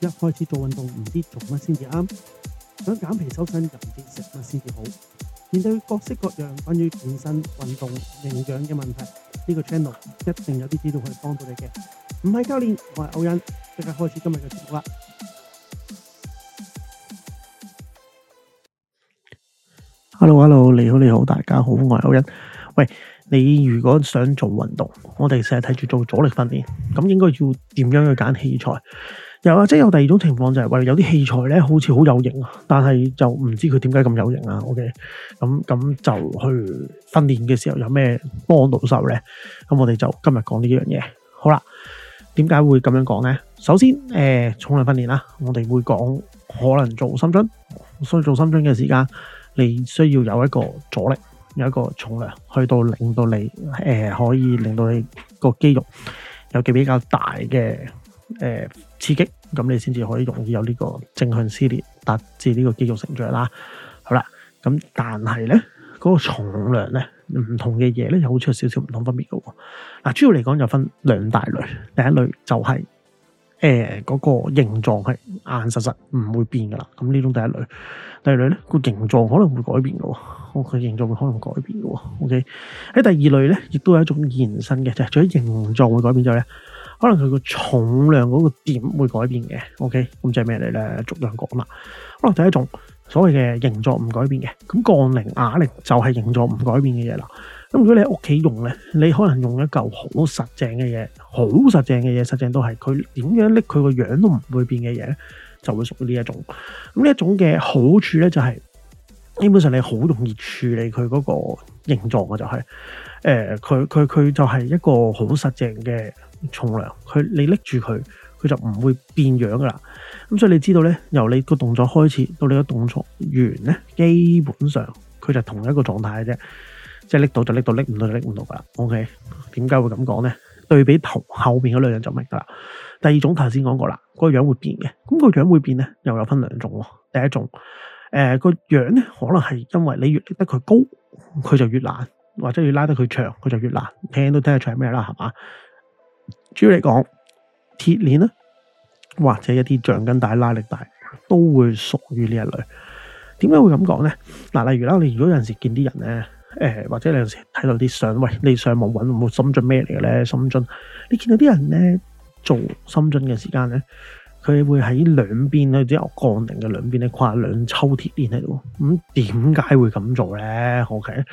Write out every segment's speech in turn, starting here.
一開始做運動唔知做乜先至啱，想減肥瘦身又唔知食乜先至好。面對各式各樣關於健身、運動、營養嘅問題，呢個 channel 一定有啲指導可以幫到你嘅。唔係教練，我係歐恩，即刻開始今日嘅節目啦！Hello，Hello，你好，你好，大家好，我係歐恩。喂，你如果想做運動，我哋成日睇住做阻力訓練，咁應該要點樣去揀器材？有啊，即係有第二種情況就係話有啲器材咧，好似好有型啊，但係就唔知佢點解咁有型啊。OK，咁咁就去訓練嘅時候有咩幫到手咧？咁我哋就今日講呢樣嘢。好啦，點解會咁樣講咧？首先，誒，重量訓練啦，我哋會講可能做深蹲，所以做深蹲嘅時間，你需要有一個阻力，有一個重量去到令到你誒，可以令到你個肌肉有嘅比較大嘅。誒、呃，刺激，咁你先至可以容易有呢個正向撕裂，達至呢個肌肉成長啦。好啦，咁但係咧，嗰、那個重量咧，唔同嘅嘢咧，又好似有少少唔同分別嘅、哦。嗱、啊，主要嚟講就分兩大類，第一類就係誒嗰個形狀係硬實實唔會變噶啦。咁呢種第一類，第二類咧個形狀可能會改變嘅，喎、哦。佢形狀會可能會改變嘅。O K，喺第二類咧，亦都有一種延伸嘅，就係除咗形狀會改變之外咧。可能佢個重量嗰個點會改變嘅，OK，咁即係咩嚟咧？逐樣講啦。好啦，第一種所謂嘅形狀唔改變嘅，咁槓鈴、啞鈴就係形狀唔改變嘅嘢啦。咁如果你喺屋企用咧，你可能用一嚿好實淨嘅嘢，好實淨嘅嘢，實淨都係佢點樣拎，佢個樣都唔會變嘅嘢，就會屬於呢一種。咁呢一種嘅好處咧、就係，就係基本上你好容易處理佢嗰個形狀嘅、就係，就係。誒佢佢佢就係一個好實淨嘅重量，佢你拎住佢，佢就唔會變樣噶啦。咁、嗯、所以你知道咧，由你個動作開始到你個動作完咧，基本上佢就同一個狀態嘅啫，即係拎到就拎到，拎唔到就拎唔到噶啦。OK，點解會咁講咧？對比頭後面嗰兩樣就明噶啦。第二種頭先講過啦，個樣會變嘅。咁個樣會變咧，又有分兩種喎。第一種誒個、呃、樣咧，可能係因為你越拎得佢高，佢就越難，或者越拉得佢長，佢就越難，聽都聽得出係咩啦，係嘛？主要嚟講，鐵鏈啦，或者一啲橡筋帶、拉力帶都會屬於呢一類。點解會咁講咧？嗱，例如啦，你如果有陣時見啲人咧，誒、呃，或者有陣時睇到啲相，喂，你上網搵冇深蹲咩嚟嘅咧？深蹲，你見到啲人咧做深蹲嘅時間咧，佢會喺兩邊去即係槓鈴嘅兩邊咧跨兩揪鐵鏈喺度。咁點解會咁做咧？O K。Okay?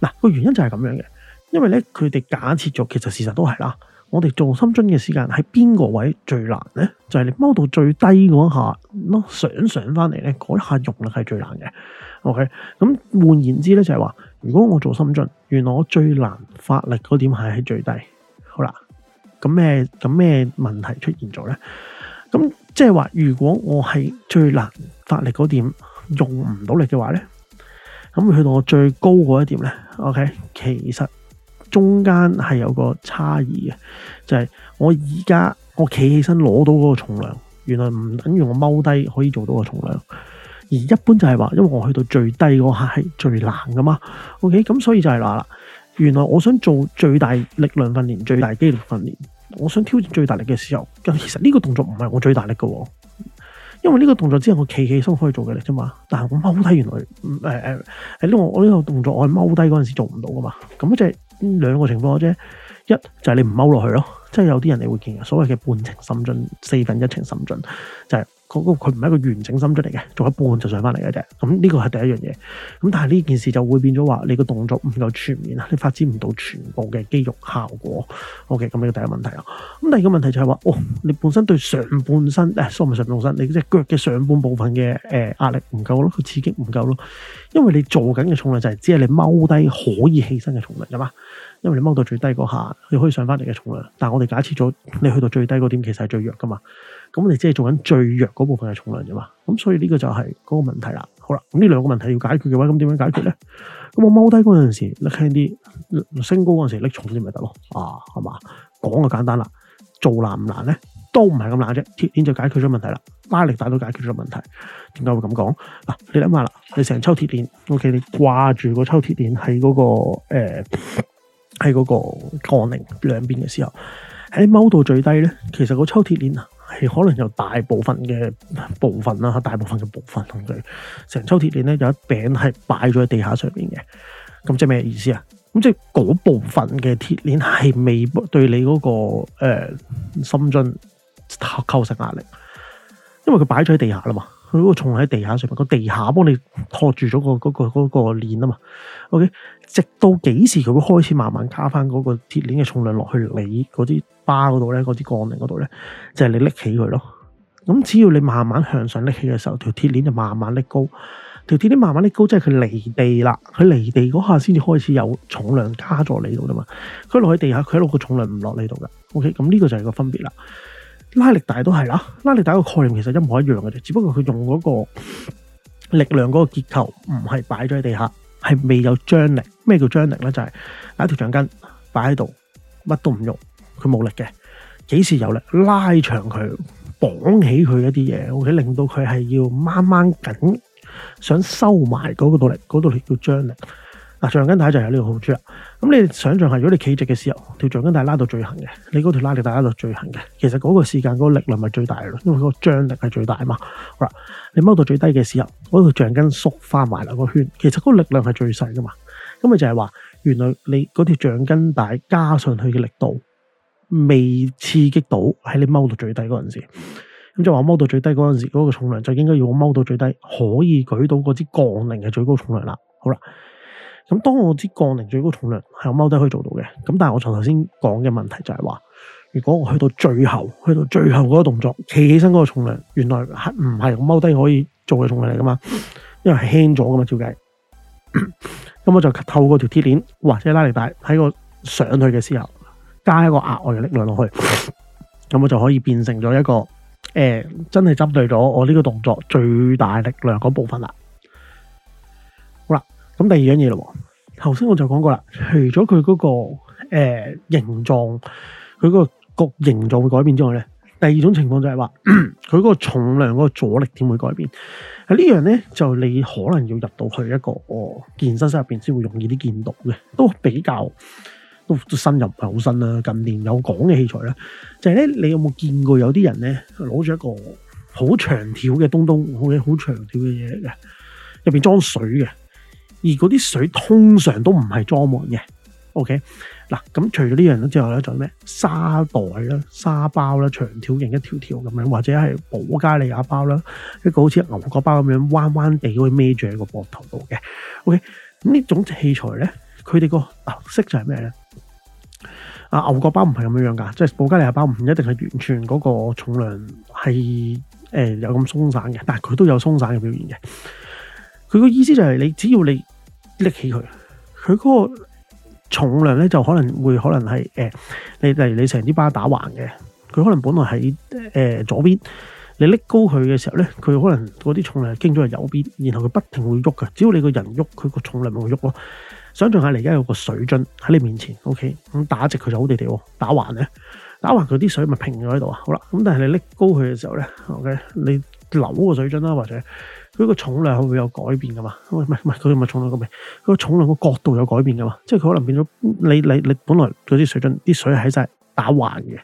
嗱，個原因就係咁樣嘅，因為咧，佢哋假設咗，其實事實都係啦。我哋做深蹲嘅時間喺邊個位最難咧？就係你踎到最低嗰一下咯，想上上翻嚟咧，嗰一下用力係最難嘅。OK，咁換言之咧就係話，如果我做深蹲，原來我最難發力嗰點係喺最低。好啦，咁咩咁咩問題出現咗咧？咁即係話，如果我係最難發力嗰點用唔到力嘅話咧？咁去到我最高嗰一點呢，OK 其實中間係有個差異嘅，就係我而家我企起身攞到嗰個重量，原來唔等於我踎低可以做到個重量。而一般就係話，因為我去到最低嗰下係最難噶嘛，OK，咁所以就係話啦，原來我想做最大力量訓練、最大肌力訓練，我想挑戰最大力嘅時候，其實呢個動作唔係我最大力嘅哦。因為呢個動作只係我企起身可以做嘅啫嘛，但係我踎低原來呢個我呢個動作我踎低嗰陣時做唔到㗎嘛，咁就係兩個情況啫，一就係你唔踎落去咯，即係有啲人你會見嘅，所謂嘅半程深蹲四分一程深蹲就係、是。嗰佢唔係一個完整伸出嚟嘅，做一半就上返嚟嘅啫。咁呢個係第一樣嘢。咁但係呢件事就會變咗話，你個動作唔夠全面啊，你發展唔到全部嘅肌肉效果。OK，咁呢個第一問題啊。咁第二個問題就係話，哦，你本身對上半身誒，唔係上半身，你隻腳嘅上半部分嘅誒壓力唔夠咯，佢刺激唔夠咯，因為你做緊嘅重量就係只係你踎低可以起身嘅重量，係嘛？因為你踎到最低嗰下，你可以上翻嚟嘅重量。但係我哋假設咗你去到最低嗰點，其實係最弱噶嘛。咁你只係做緊最弱嗰部分嘅重量啫嘛。咁所以呢個就係嗰個問題啦。好啦，咁呢兩個問題要解決嘅話，咁點樣解決咧？咁我踎低嗰陣時拎輕啲，升高嗰陣時拎重啲咪得咯。啊，係嘛？講就簡單啦，做難唔難咧？都唔係咁難啫。鐵鏈就解決咗問題啦，拉力帶都解決咗問題。點解會咁講？嗱、啊，你諗下啦，你成抽鐵鏈，OK？你掛住個抽鐵鏈喺嗰、嗰個、欸喺嗰個槓鈴兩邊嘅時候，喺踎到最低咧，其實個抽鐵鏈啊，係可能有大部分嘅部分啦，大部分嘅部分同佢成抽鐵鏈咧，有一柄係擺咗喺地下上邊嘅。咁即係咩意思啊？咁即係嗰部分嘅鐵鏈係未對你嗰個誒深蹲構成壓力，因為佢擺咗喺地下啦嘛。佢個重量喺地，地下上面，個地下幫你托住咗嗰個嗰、嗰個嗰、嗰個鏈啊嘛。OK，直到幾時佢會開始慢慢加翻嗰個鐵鏈嘅重量落去你嗰支巴嗰度咧，嗰支槓鈴嗰度咧，就係、是、你拎起佢咯。咁只要你慢慢向上拎起嘅時候，條鐵鏈就慢慢拎高，條鐵鏈慢慢拎高，即係佢離地啦。佢離地嗰下先至開始有重量加咗你度噶嘛。佢落喺地下，佢落個重量唔落你度噶。OK，咁呢個就係個分別啦。拉力大都係啦，拉力大一個概念其實一模一樣嘅啫，只不過佢用嗰個力量嗰個結構唔係擺咗喺地下，係未有張力。咩叫張力咧？就係、是、攞條橡筋擺喺度，乜都唔用，佢冇力嘅。幾時有力？拉長佢，綁起佢一啲嘢，或者令到佢係要掹掹緊，想收埋嗰個度力，嗰度力叫張力。嗱，橡筋帶就有呢個好處啦。咁你想象下，如果你企直嘅時候，條、嗰個、橡筋帶拉到最行嘅，你嗰條拉力帶拉到最行嘅，其實嗰個時間嗰個力量係最大嘅，因為個張力係最大嘛。好啦，你踎到最低嘅時候，嗰條橡筋縮翻埋兩個圈，其實嗰個力量係最細噶嘛。咁咪就係話，原來你嗰條橡筋帶加上去嘅力度，未刺激到喺你踎到最低嗰陣時。咁就話踎到最低嗰陣時，嗰、嗰個重量就應該要踎到最低，可以舉到嗰支槓鈴嘅最高重量啦。好啦。咁當我知槓鈴最高重量係我踎低可以做到嘅，咁但係我從頭先講嘅問題就係、是、話，如果我去到最後，去到最後嗰個動作，企起身嗰個重量，原來係唔係我踎低可以做嘅重量嚟噶嘛？因為輕咗噶嘛，照計。咁 我就透過條鐵鏈或者拉力帶喺個上去嘅時候，加一個額外嘅力量落去，咁 我就可以變成咗一個誒、呃，真係針對咗我呢個動作最大力量嗰部分啦。咁第二樣嘢咯喎，頭先我就講過啦，除咗佢嗰個誒形狀，佢個局形狀會改變之外咧，第二種情況就係話佢個重量，嗰個阻力點會改變。喺呢樣咧，就你可能要入到去一個健身室入面先會容易啲見到嘅，都比較都都新入唔係好新啦。近年有講嘅器材啦就係咧，你有冇見過有啲人咧攞住一個好長條嘅東東，好似好長條嘅嘢嚟嘅，入面裝水嘅。而嗰啲水通常都唔係裝滿嘅，OK 嗱，咁除咗呢樣咧之外咧，仲有咩沙袋啦、沙包啦、長條形一條條咁樣，或者係保加利亞包啦，一個好似牛角包咁樣彎彎地會孭住喺個膊頭度嘅，OK 咁呢種器材咧，佢哋個特色就係咩咧？啊牛角包唔係咁樣㗎，即係保加利亞包唔一定係完全嗰個重量係誒有咁鬆散嘅，但係佢都有鬆散嘅表現嘅。佢個意思就係你只要你。拎起佢，佢嗰個重量咧就可能會可能係誒、呃，你例如你成支巴打橫嘅，佢可能本來喺誒、呃、左邊，你拎高佢嘅時候咧，佢可能嗰啲重量經咗右邊，然後佢不停會喐噶。只要你個人喐，佢個重量會喐咯。想象下你而家有個水樽喺你面前，OK，咁打直佢就好地地，打橫咧，打橫佢啲水咪平咗喺度啊。好啦，咁但係你拎高佢嘅時候咧，OK，你。流個水樽啦，或者佢個重量會唔會有改變㗎嘛？唔係唔係，佢唔係重量改變，佢個重量個角度有改變㗎嘛？即係佢可能變咗，你你你本來嗰啲水樽啲水喺晒打橫嘅，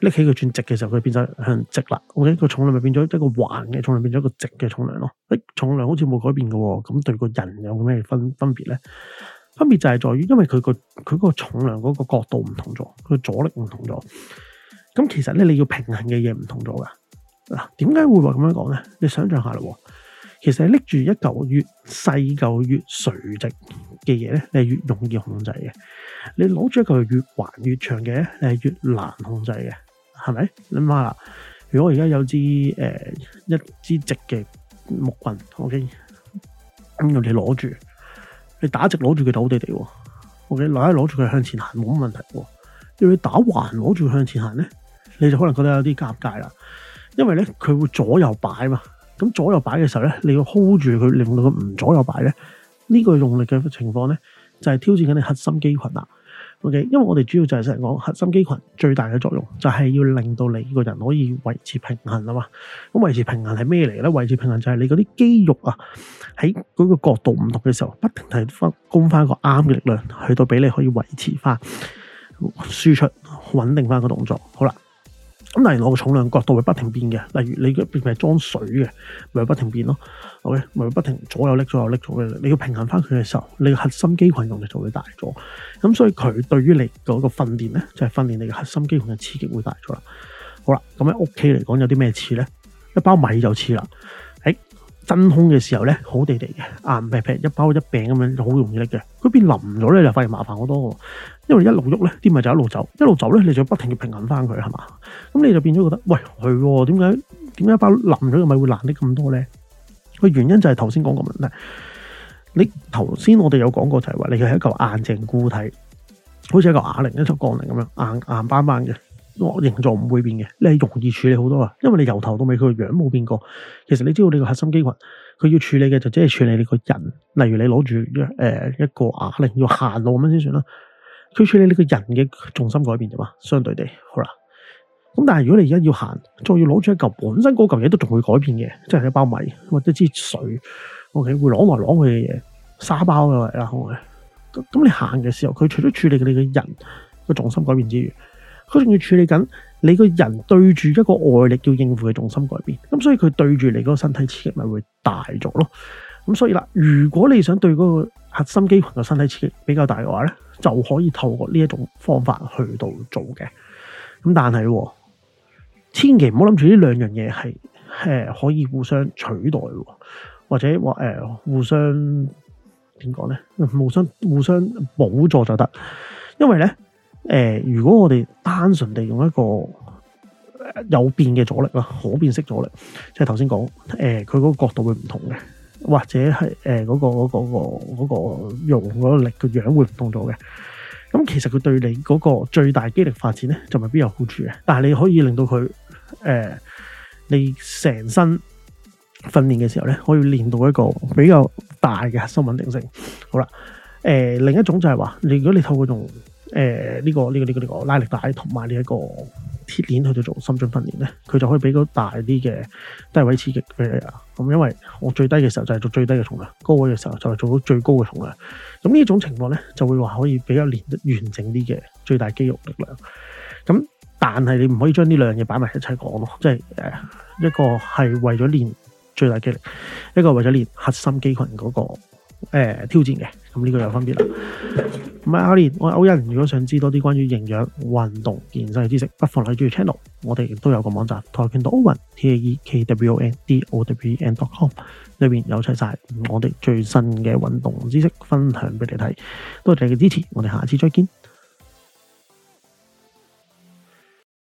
拎起佢轉直嘅時候，佢變曬向直啦。O K，個重量咪變咗一個橫嘅重，重量，變咗一個直嘅重量咯。誒，重量好似冇改變嘅喎，咁對個人有咩分分別咧？分別就係在於，因為佢個佢個重量嗰個角度唔同咗，佢阻力唔同咗。咁其實咧，你要平衡嘅嘢唔同咗㗎。嗱，點解會話咁樣講咧？你想象下啦，其實係拎住一嚿越細嚿越垂直嘅嘢咧，你係越容易控制嘅。你攞住一個越橫越長嘅，你係越難控制嘅，係咪？諗下啦，如果我而家有一支誒、呃、一支直嘅木棍，OK，咁你攞住，你打直攞住佢倒地地，OK，攞一攞住佢向前行冇乜問題。要你打橫攞住向前行咧，你就可能覺得有啲尷尬啦。因為咧佢會左右擺嘛，咁左右擺嘅時候咧，你要 hold 住佢，令到佢唔左右擺咧，呢、這個用力嘅情況咧，就係挑戰緊你核心肌群啦。O、okay? K，因為我哋主要就係成日講核心肌群最大嘅作用，就係要令到你個人可以維持平衡啊嘛。咁維持平衡係咩嚟？咧，維持平衡就係你嗰啲肌肉啊，喺佢個角度唔同嘅時候，不停係供翻個啱嘅力量，去到俾你可以維持翻輸出穩定翻個動作。好啦。咁例如我嘅重量角度會不停變嘅，例如你嘅邊係裝水嘅，咪不停變咯。好嘅，咪不停左右拎、左右拎咁樣，你要平衡翻佢嘅時候，你嘅核心肌群用力就會大咗。咁所以佢對於你嗰個訓練咧，就係、是、訓練你嘅核心肌群嘅刺激會大咗啦。好啦，咁喺屋企嚟講有啲咩似咧？一包米就似啦。哎真空嘅時候咧，好地地嘅，硬劈劈一包一餅咁樣，好容易拎嘅。佢變淋咗咧，就發現麻煩好多。因為一路喐咧，啲米就一路走，一路走咧，你就不停要平衡翻佢，係嘛？咁你就變咗覺得，喂，點解點解一包淋咗嘅米會難啲咁多咧？個原因就係頭先講個問題。你頭先我哋有講過就係話，你係一嚿硬淨固體，好似一嚿啞鈴一束槓鈴咁樣，硬硬邦邦嘅。我形狀唔會變嘅，你係容易處理好多啊！因為你由頭到尾佢個樣冇變過。其實你知道你個核心肌群，佢要處理嘅就即係處理你個人。例如你攞住一誒一個啞鈴、呃啊、要行路咁樣先算啦。佢處理你個人嘅重心改變啫嘛，相對地，好啦。咁但係如果你而家要行，再要攞住一嚿本身嗰嚿嘢都仲會改變嘅，即係一包米或者支水，OK 會攞埋攞去嘅嘢，沙包嘅係啦，好咁咁你行嘅時候，佢除咗處理你嘅人個重心改變之餘，佢仲要處理緊你個人對住一個外力要應付嘅重心改變，咁所以佢對住你個身體刺激咪會大咗咯。咁所以啦，如果你想對嗰個核心肌群嘅身體刺激比較大嘅話咧，就可以透過呢一種方法去到做嘅。咁但係，千祈唔好諗住呢兩樣嘢係誒可以互相取代，或者話誒互相點講咧？互相互相補助，就得，因為咧。誒，如果我哋單純地用一個有變嘅阻力啦，可變式阻力，即係頭先講誒，佢嗰個角度會唔同嘅，或者係誒嗰個嗰、嗰個嗰、嗰個用嗰、嗰個力個樣會唔同咗嘅。咁其實佢對你嗰個最大肌力發展咧，就未必有好處嘅。但係你可以令到佢誒、呃，你成身訓練嘅時候咧，可以練到一個比較大嘅核心穩定性。好啦，誒、呃，另一種就係話，你如果你透過用，誒呢、這個呢、這個呢、這個呢個拉力帶同埋呢一個鐵鏈去到做深蹲訓練咧，佢就可以比較大啲嘅低位刺激嘅。咁、呃、因為我最低嘅時候就係做最低嘅重量，高位嘅時候就係做到最高嘅重量。咁呢種情況咧就會話可以比較練得完整啲嘅最大肌肉力量。咁但係你唔可以將呢兩樣嘢擺埋一齊講咯，即係誒、呃、一個係為咗練最大肌力，一個係為咗練核心肌群嗰、那個、呃、挑戰嘅。咁、這、呢個有分別啦。唔係阿連，我係歐仁。如果想知道多啲關於營養、運動、健身嘅知識，不妨嚟住 channel。我哋亦都有個網站 talking to open, T A E K W O N D O W N dot com，裏面有齊晒我哋最新嘅運動知識分享俾你睇。多謝你嘅支持，我哋下次再見。